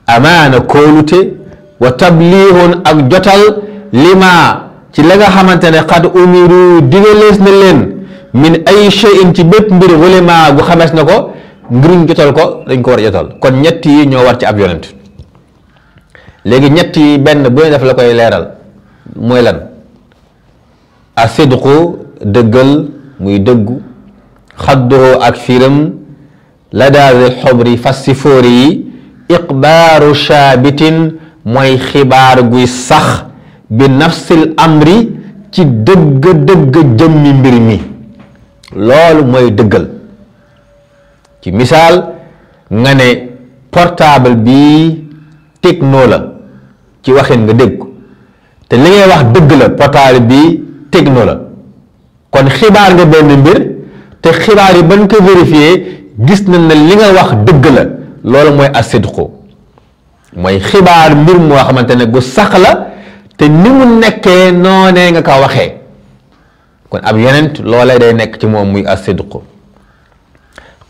amaana kóolute wa tabliixun ak jotal lima ci la nga xamante ne xad umiru digalees na leen min ay shay'in ci bépp mbir wulima gu xamees na ko ngir jotal ko dañ ko war a jotal kon ñett ñoo war ci ab yonent léegi ñett benn bu ne def la koy leeral mooy lan asidqu dëggal muy dëggu xadduhu ak firam la xobri fas si fóori yi iqbaaru shaabitin mooy xibaar guy sax bi nafsil amri ci dëgg dëgg jëmmi mbir mi loolu mooy dëggal ci misaal nga ne portable bi techno la ci waxin nga dégg ko te li ngay wax dëgg la portable bi techno la kon xibaar nga benn mbir te xibaar yi bañ ko vérifié gis nañ ne li nga wax dëgg la loolu mooy ko mooy xibaar mbir moo xamante ne bu sax la te ni mu nekkee noonee nga ko waxee kon ab yeneen loole day nekk ci moom muy asidqu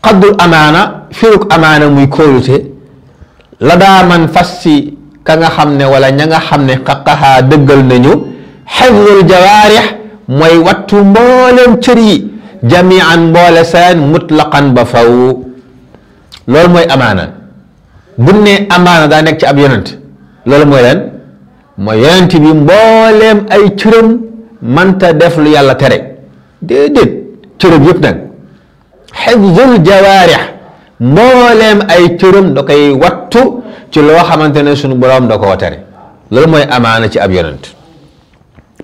xaddul amaana firuk amaana muy kóolute la daa fas si ka nga xam ne wala ña nga xam ne xaqaxaa dëggal nañu xifdul jawaarix mooy wattu mbooleem cër yi jamian mboole seen mutlaqan ba faw loolu mooy amaana buñ ne amaana daa nekk ci ab yonent loolu mooy leen mooy yonent bi mbooleem ay cëram manta def lu yàlla tere déedéet cëram yëpp nag xifzul jawaarix mbooleem ay cëram da koy wattu ci loo xamante ne sunu boroom da mooy amaana ci ab yonent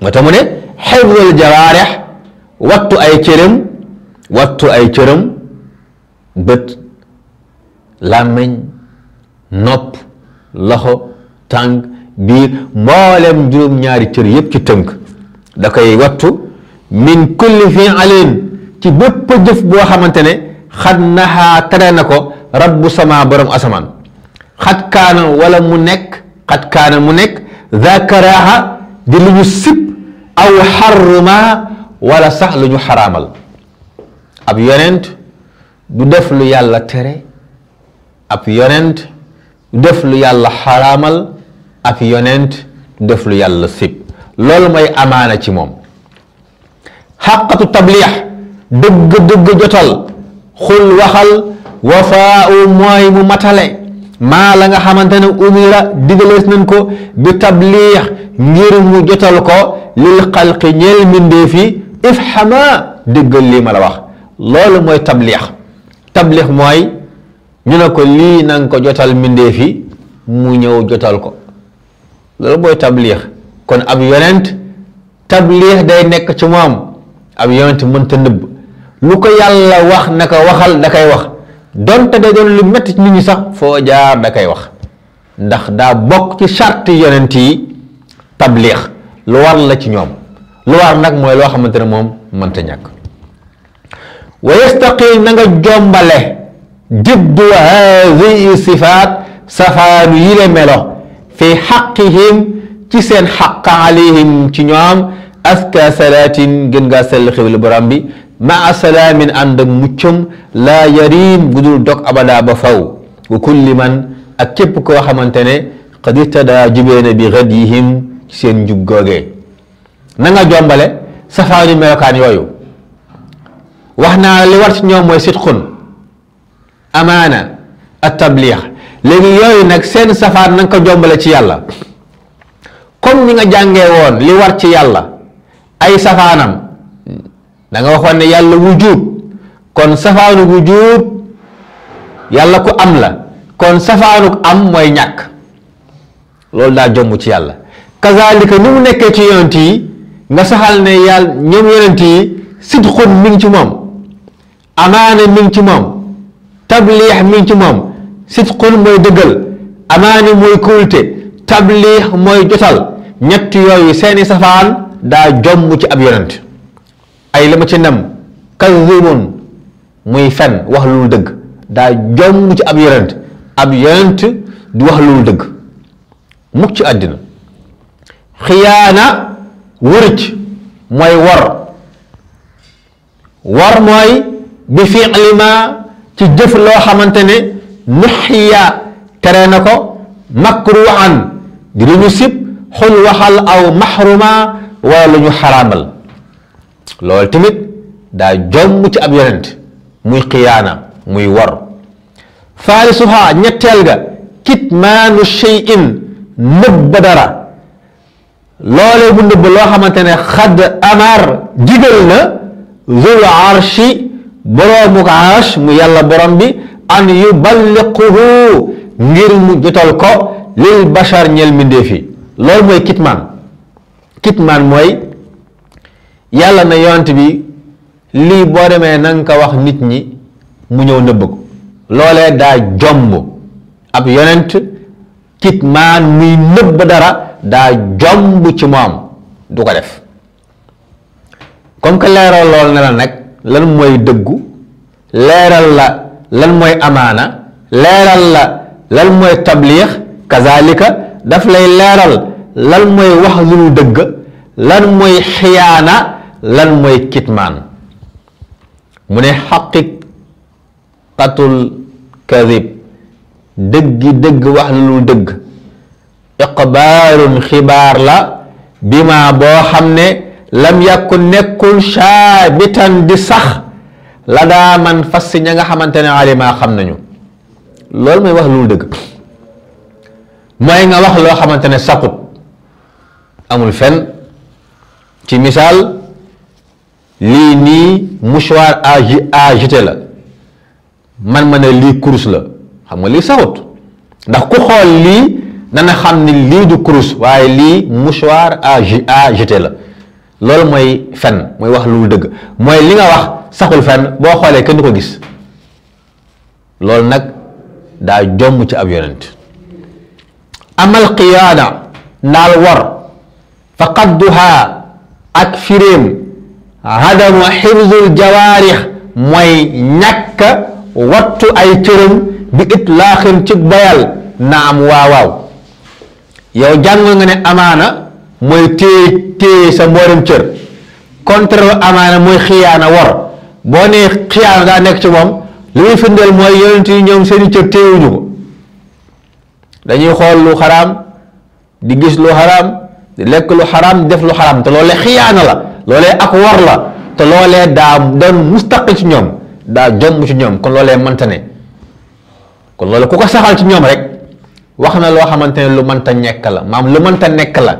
moo tax ne xifzul jawaarix wattu ay cëram wattu ay cëram bët làmmiñ nopp loxo tànk biir mboolem juróom-ñaari cër yépp ci tënk da koy wattu min kulli fi alin ci bëpp jëf boo xamante ne xat naxaa tere na ko rabbu sama borom asamaan xat kaana wala mu nekk xat kaana mu nekk zakaraaha di lu ñu sib aw xaruma wala sax lu ñu xaraamal ab yonent du def lu yàlla tere ab yonent def yàlla xaraamal ak yonent def yàlla sib loolu mooy amaana ci moom xaqatu tabliix dëgg-dëgg jotal xul waxal wafaau mooy mu matale maa la nga xamante ne umira digalees nañ ko bi tabliix ngir mu jotal ko lil xalqi ñeel mbindéef yi ifhama déggal lii ma wax loolu mooy tabliix tabliix mooy ñu ne ko lii na ko jotal mbindéef yi mu ñëw jotal ko loolu booy tabliix kon ab yonent tabliix day nekk ci moom ab yonent mënta nëbb lu ko yàlla wax na ko waxal da koy wax donte day doon lu metti nit ñi sax foo jaar da koy wax ndax daa bokk ci charte yonent yi tabliix lu war la ci ñoom lu war nag mooy loo xamante ne moom mënta ñàkk wa yastaqim na nga jombale jiddu haadihi sifaat safaanu yile melo fi xaqihim ci seen xaq alayhim ci ñoom aska salaatin gën ngaa sell xewlu bi maa salaamin ànd ak muccam laa yarim gudul dog abada ba faw wa kulli man ak képp koo xamante ne qad jubeena bi radiyihim ci seen njub googee na nga jombale safaanu melokaan yooyu wax naa li war ci ñoom mooy sitqun amaana ak tabliix léegi yooyu nag seen safaan na ko jombale ci yàlla comme ni nga jàngee woon li war ci yàlla ay safaanam danga waxoon ne yàlla wujub kon safaanu wujub yàlla ku am la kon safaanuk am mooy ñàkk loolu daa jomb ci yàlla kazalika ni mu nekkee ci yonent yi nga saxal ne yàlla ñoom yonent yi sidqun mi ngi ci moom amaana mi ngi ci moom tabliix mi ci moom sidqun mooy dëggal amaani mooy kuulte tabliix mooy jotal ñett yooyu seeni safaan daa jomm ci ab yonent ay la ma ci nem kazimun muy fen wax lu dëgg daa jomm ci ab yonent ab yonent du wax lu dul dëgg mukk ci àddina xiyaana wërëj mooy war war mooy bi fi'li ma ci jëf loo xamante ne nuxiya tere na ko makruhan di lu ñu sib xul waxal aw maxruma wala lu ñu xaraamal loolu tamit daa jomm ci ab yonent muy xiyaana muy wor faalisuha ñetteel ga kitmaanu cheyin nëbb dara loolee bu nëbb loo xamante ne xad amar jigal na zul arshi boroomu arsh mu yàlla borom bi an yuballiquhu ngir mu jotal ko lil bashar ñeel mbindéef yi loolu mooy kitmaan kitmaan mooy yàlla na yonent bi lii boo demee nanga ko wax nit ñi mu ñëw nëbb ko loolee daa jomb ab yonent kitmaan muy nëbb dara daa jomb ci moom du ko def comme que lool ne nekk lan mooy dëggu leeral la lan mooy amaana leeral la lan mooy tabliix kazalika daf lay leeral lan mooy wax lu dëgg lan mooy xiyaana lan mooy kitmaan mu ne xaqiqatul kadib dëggi dëgg wax lu nu dëgg iqbaarun xibaar la bima boo xam ne lam yàkku nekkul saabitan bi sax la daa man fas si ña nga xamante ne alimaa xam nañu loolu may wax lu dëgg mooy nga wax loo xamante ne saqut amul fen ci misaal lii nii a ji jeter la man ma ne lii kurus la xam nga lii saxut ndax ku xool lii na xam ni lii du kurus waaye lii mouchoir à jeter la loolu mooy fen mooy wax lu dëgg mooy li nga wax saxul fenn boo xoolee kënnu ko gis loolu nag daa jomm ci ab yonent amal qiyaada ndaal war fa qadduha ak firéem hadamu xifzul jawaarix mooy ñàkk wattu ay cëram bi itlaaxin ci bayal naam waawaaw yow jàng nga amaana mooy téye téye sa mboolem cër contre amaana mooy xiyaana wor boo nee xiyaana daa nekk ci moom li muy firndeel mooy yonent yi ñoom seeni cër téyewuñu ko dañuy xool lu xaraam di gis lu xaraam di lekk lu xaraam def lu xaraam te loolee xiyaana la loolee ak wor la te loolee daa doon mustaqil ci ñoom daa jomb ci ñoom kon loolee mënta ne kon loole ku ko saxal ci ñoom rek wax na loo xamante ne lu mënta nekk la maam lu mënta nekk la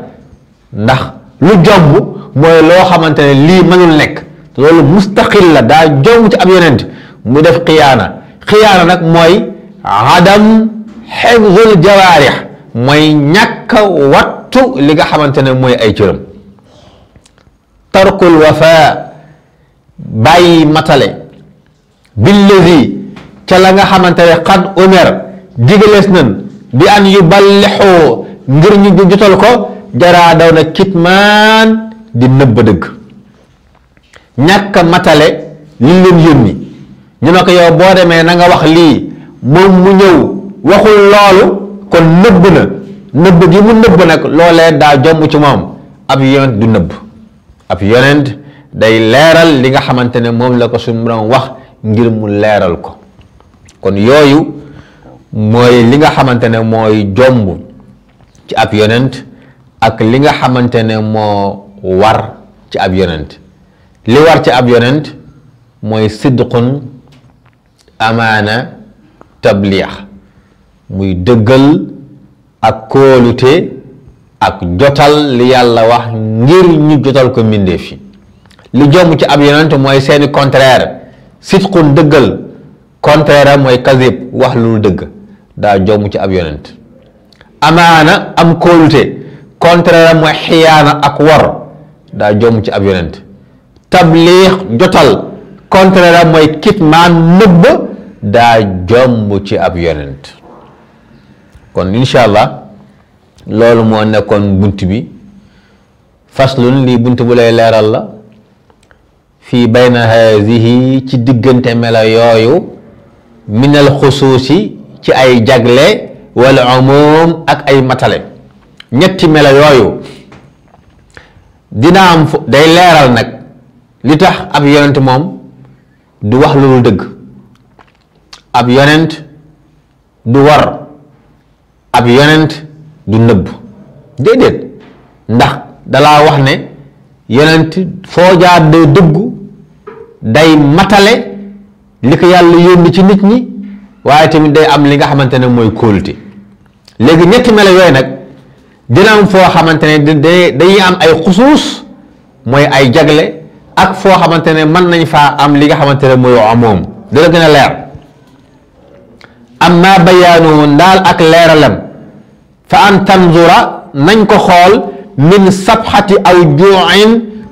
ndax lu jomb mooy loo xamante ne lii mënul nekk loolu mustaqil la daa jomb ci ab yonent mu def xiyaana xiyaana nag mooy adam xifzul jawaarix mooy ñàkk wattu li nga xamante ne mooy ay cëram tarkul wafa bàyyi matale billadi ca la nga xamante ne xad umer digalees nan bi an yuballihu ngir ñu jotal ko jaraa daw na kitmaan di nëbb dëgg ñàkk matale li leen yónni ñu ne ko yow boo demee nanga wax lii moom mu ñëw waxul loolu kon nëbb na nëbb gi mu nëbb nag loolee daa jomb ci moom ab yonent du nëbb ab yonent day leeral li nga xamante ne moom la ko suñu borom wax ngir mu leeral ko kon yooyu mooy li nga xamante ne mooy jomb ci ab yonent ak li nga xamante ne moo war ci ab yonent li war ci ab yonent mooy sidqun amaana tabliix muy dëggal ak kóolute ak jotal li yàlla wax ngir ñu jotal ko mbindeef yi li jomb ci ab yonent mooy seeni contraire sidqun dëggal contraire mooy kazib wax lu dëgg daa jomb ci ab yonent amaana am kóolute contraire mooy xiyaana ak war daa jomm ci ab yonent tabliix jotal contraire mooy kitmaan nëbb daa jomm ci ab yonent kon incha allah loolu moo nekkoon bunt bi faslun li bunt bu lay leeral la fii bayna hazihi ci diggante melo yooyu minal xusuusi ci ay jagle wala umum ak ay matale ñetti melo yooyu dina am fu day leeral nag li tax ab yonent moom du wax lu dul dëgg ab yonent du war ab yonent du nëbb déedéet ndax dalaa wax ne yonent foo jaar day dëggu day matale li ko yàlla yónni ci nit ñi waaye tamit day am li nga xamante ne mooy kóolute léegi ñetti melo yooyu nag dina am foo xamante ne dañuy am ay xusuus mooy ay jagle ak foo xamante ne mën nañ faa am li nga xamante ne mooy amoom dina gën a leer am amma bayaanuhu ndaal ak leeralam fa an tanzura nañ ko xool min sabxati aw juuin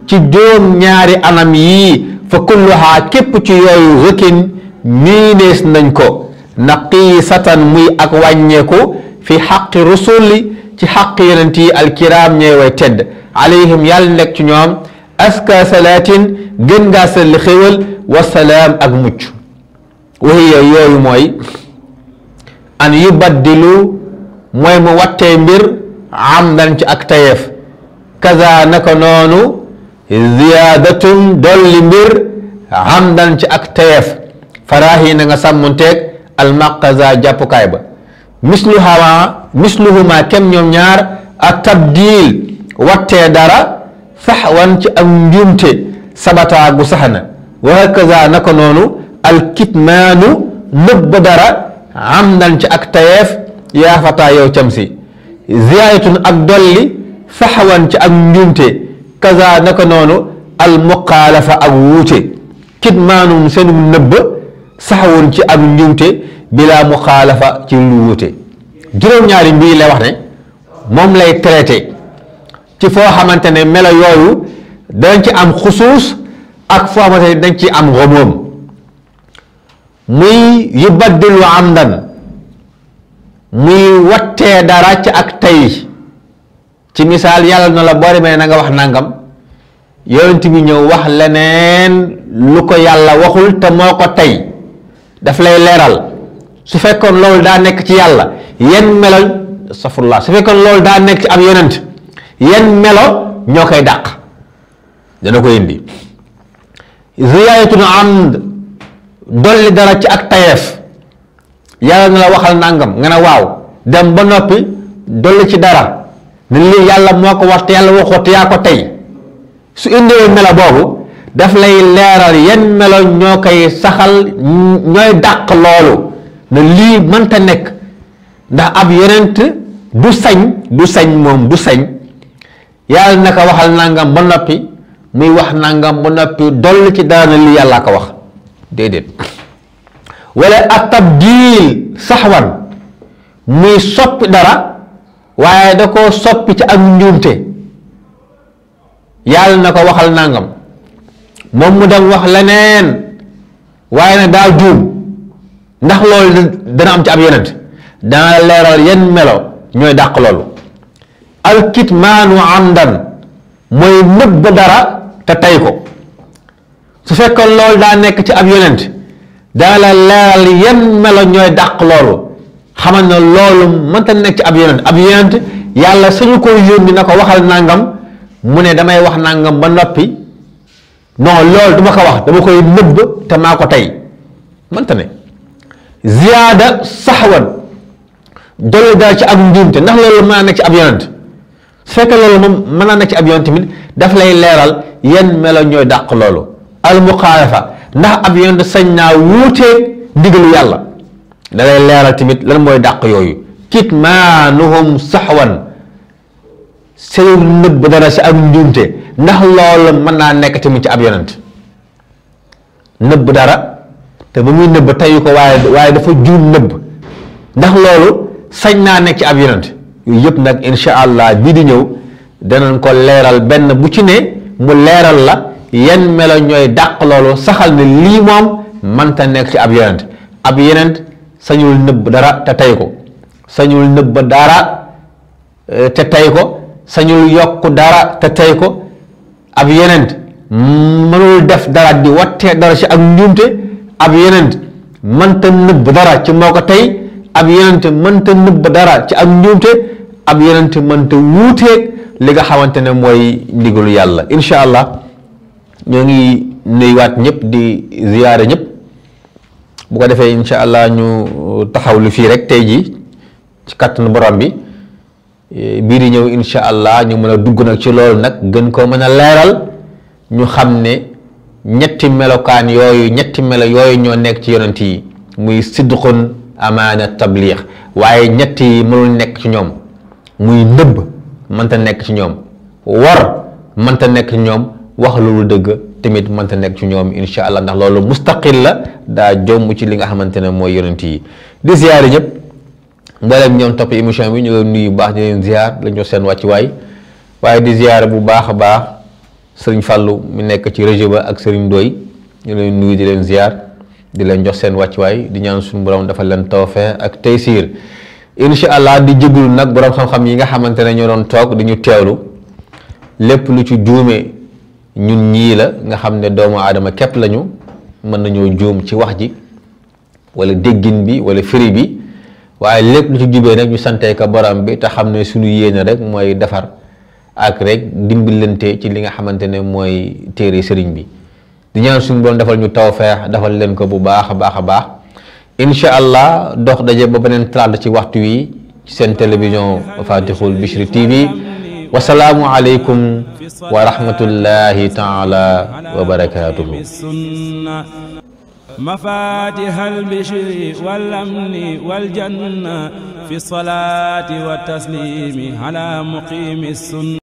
ci juróom ñaari anam yi fa kulluhaa képp ci yooyu rëkin miinees nañ ko naqiisatan muy ak wàññeeku fi xaqi rusuli ci xaq yonent yi alkiraam ñooy way tedd alayhim nekk ci ñoom aska salaatin gën ngaa selli xéwal wasalaam ak mucc waxiya yooyu mooy an yubaddilu mooy mu wattee mbir amdan ci ak tayeef kaza naka noonu ziyaadatun dolli mbir amdan ci ak tayeef faraahi na nga al almaqaza jàppukaay ba mislu hawa misluhuma kem ñoom ñaar a tabdil wattee dara faxwan ci am njuumte sabata gu saxna wa hakaza naka noonu alkitmaanu nëbb dara am ci ak tayeef yaa fata yow cam si ziyaadatun ak dolli faxwan ci ak njuumte kaza naka noonu almuqaalafa ak wuute kitmaanum seenum nëbb saxawun ci ak njuumte bilaa muxaalafa ci lu wuute juróom-ñaari mbir lay wax ne moom lay traité ci foo xamante ne melo yooyu dañ ci am xusuus ak foo xamante ne dañ ci am xamoom muy yubaddilu amdan muy wattee dara ci ak tey ci misaal yàlla na la na nga wax nangam yonent bi ñëw wax leneen lu ko yàlla waxul te moo ko tey daf lay leeral su fekkoon loolu daa nekk ci yàlla yenn melo safurlaa su fekkoon loolu daa nekk ci ab yonent yenn melo ñoo koy dàq dana ko indi ziyaadatun amd dolli dara ci ak tayeef yàlla na la waxal nàngam nga ne waaw dem ba noppi dolli ci dara ne lii yàlla moo ko war te yàlla waxoo te yaa ko tey su indee melo boobu daf lay leeral yenn melo ñoo koy saxal ñooy dàq loolu ne lii mënta nekk ndax ab yonent du sañ du sañ moom du sañ yàlla ko waxal nangam ba noppi muy wax nangam ba noppi doll ci dara na lii yàllaa ko wax déedéet wala ab tabdiil wan muy soppi dara waaye da koo soppi ci ak njuumte yàlla na ko waxal nangam moom mu dem wax leneen waaye nag daa juum ndax loolu dana am ci ab yonent dana leeral yenn melo ñooy dàq loolu alkitmaanu amdan mooy nëbb dara te tey ko su fekkoon loolu daa nekk ci ab yonent dana la leeral yenn melo ñooy dàq loolu xamal na loolu mënta nekk ci ab yonent ab yonent yàlla suñu ko yónni na ko waxal nàngam mu ne damay wax nàngam ba noppi non loolu duma ko wax dama koy nëbb te maa ko tey mënta ne ziyaada saxwan dolli daal ci ak njuumte ndax loolu mën nekk ci ab yonent su fekkee loolu moom mën naa nekk ci ab yonent tamit daf lay leeral yenn melo ñooy dàq loolu al ndax ab yonent sañ naa wuuteeg ndigalu yàlla da leeral tamit lan mooy dàq yooyu kitmaanuhum saxwan seen nëbb dara si ak njuumte ndax loolu mën naa nekk tamit ci ab yonent nëbb dara te ba muy nëbb tayu ko waaye waaye dafa juum nëbb ndax loolu sañ naa nekk ci ab yonent yooyu yëpp nag incha allah bii di ñëw danañ ko leeral benn bu ci ne mu leeral la yenn melo ñooy dàq loolu saxal ni lii moom mënta nekk ci ab yonent ab yonent sañul nëbb dara te tey ko sañul nëbb dara eh, te tay ko sañul yokk dara te tey ko ab yonent mënul def dara di wattee dara ci ak njuumte ab yeneen mënta nëbb dara ci moo ko tey ab yonent mënta nëbb dara ci ak njuumte ab yonent mënta wuuteeg li nga xamante ne mooy ndigalu yàlla incha allah ñoo ngi nuyuwaat ñëpp di ziyaare ñëpp bu ko defee incha allah ñu taxaw lu fii rek tey jii ci kàttanu borom bi bii di ñëw incha allah ñu mën a dugg nag ci loolu nag gën koo mën a leeral ñu xam ne ñetti melokaan yooyu ñetti melo yooyu ñoo nekk ci yonent yi muy sidqun amaana tabliix waaye ñetti yi mënul nekk ci ñoom muy nëbb mënta nekk ci ñoom war mënta nekk ci ñoom wax loolu dëgg tamit mënta nekk ci ñoom incha allah ndax loolu mustaqil la daa jomm ci li nga xamante ne mooy yonent yi di ziyaare ñëpp mboolem ñoom topp émission bi ñu ngi nuyu baax di leen ziyaar la ñu seen wàccuwaay waaye di ziyaare bu baax a baax. sëriñ fàllu mu nekk ci région ba ak sëriñ Ndoye ñu leen nuyu di leen ziar di leen jox seen wàccuwaay di ñaan suñu borom dafa leen tawfeex ak tey taysiir incha allah di jéggalu nag borom xam-xam yi nga xamante ne ñoo doon toog di ñu teewlu lépp lu ci juume ñun ñii la nga xam ne doomu aadama képp lañu mën nañoo juum ci wax ji wala déggin bi wala firi bi waaye lépp lu ci jubee nag ñu santeeka borom bi te xam ne suñu yéene rek mooy defar. ak rek dimbalante ci li nga xamante ne mooy téere sëriñ bi di ñaan suñu borom defal ñu tawfeex defal leen ko bu baax a baax a baax incha allah dox daje ba beneen trente ci waxtu wi ci seen télévision Fatihul Bichri TV wasalaamu aleykum wa rahmatullahi taala wa barakaatuhu مفاتيح البشر والأمن والجنة في الصلاة والتسليم على مقيم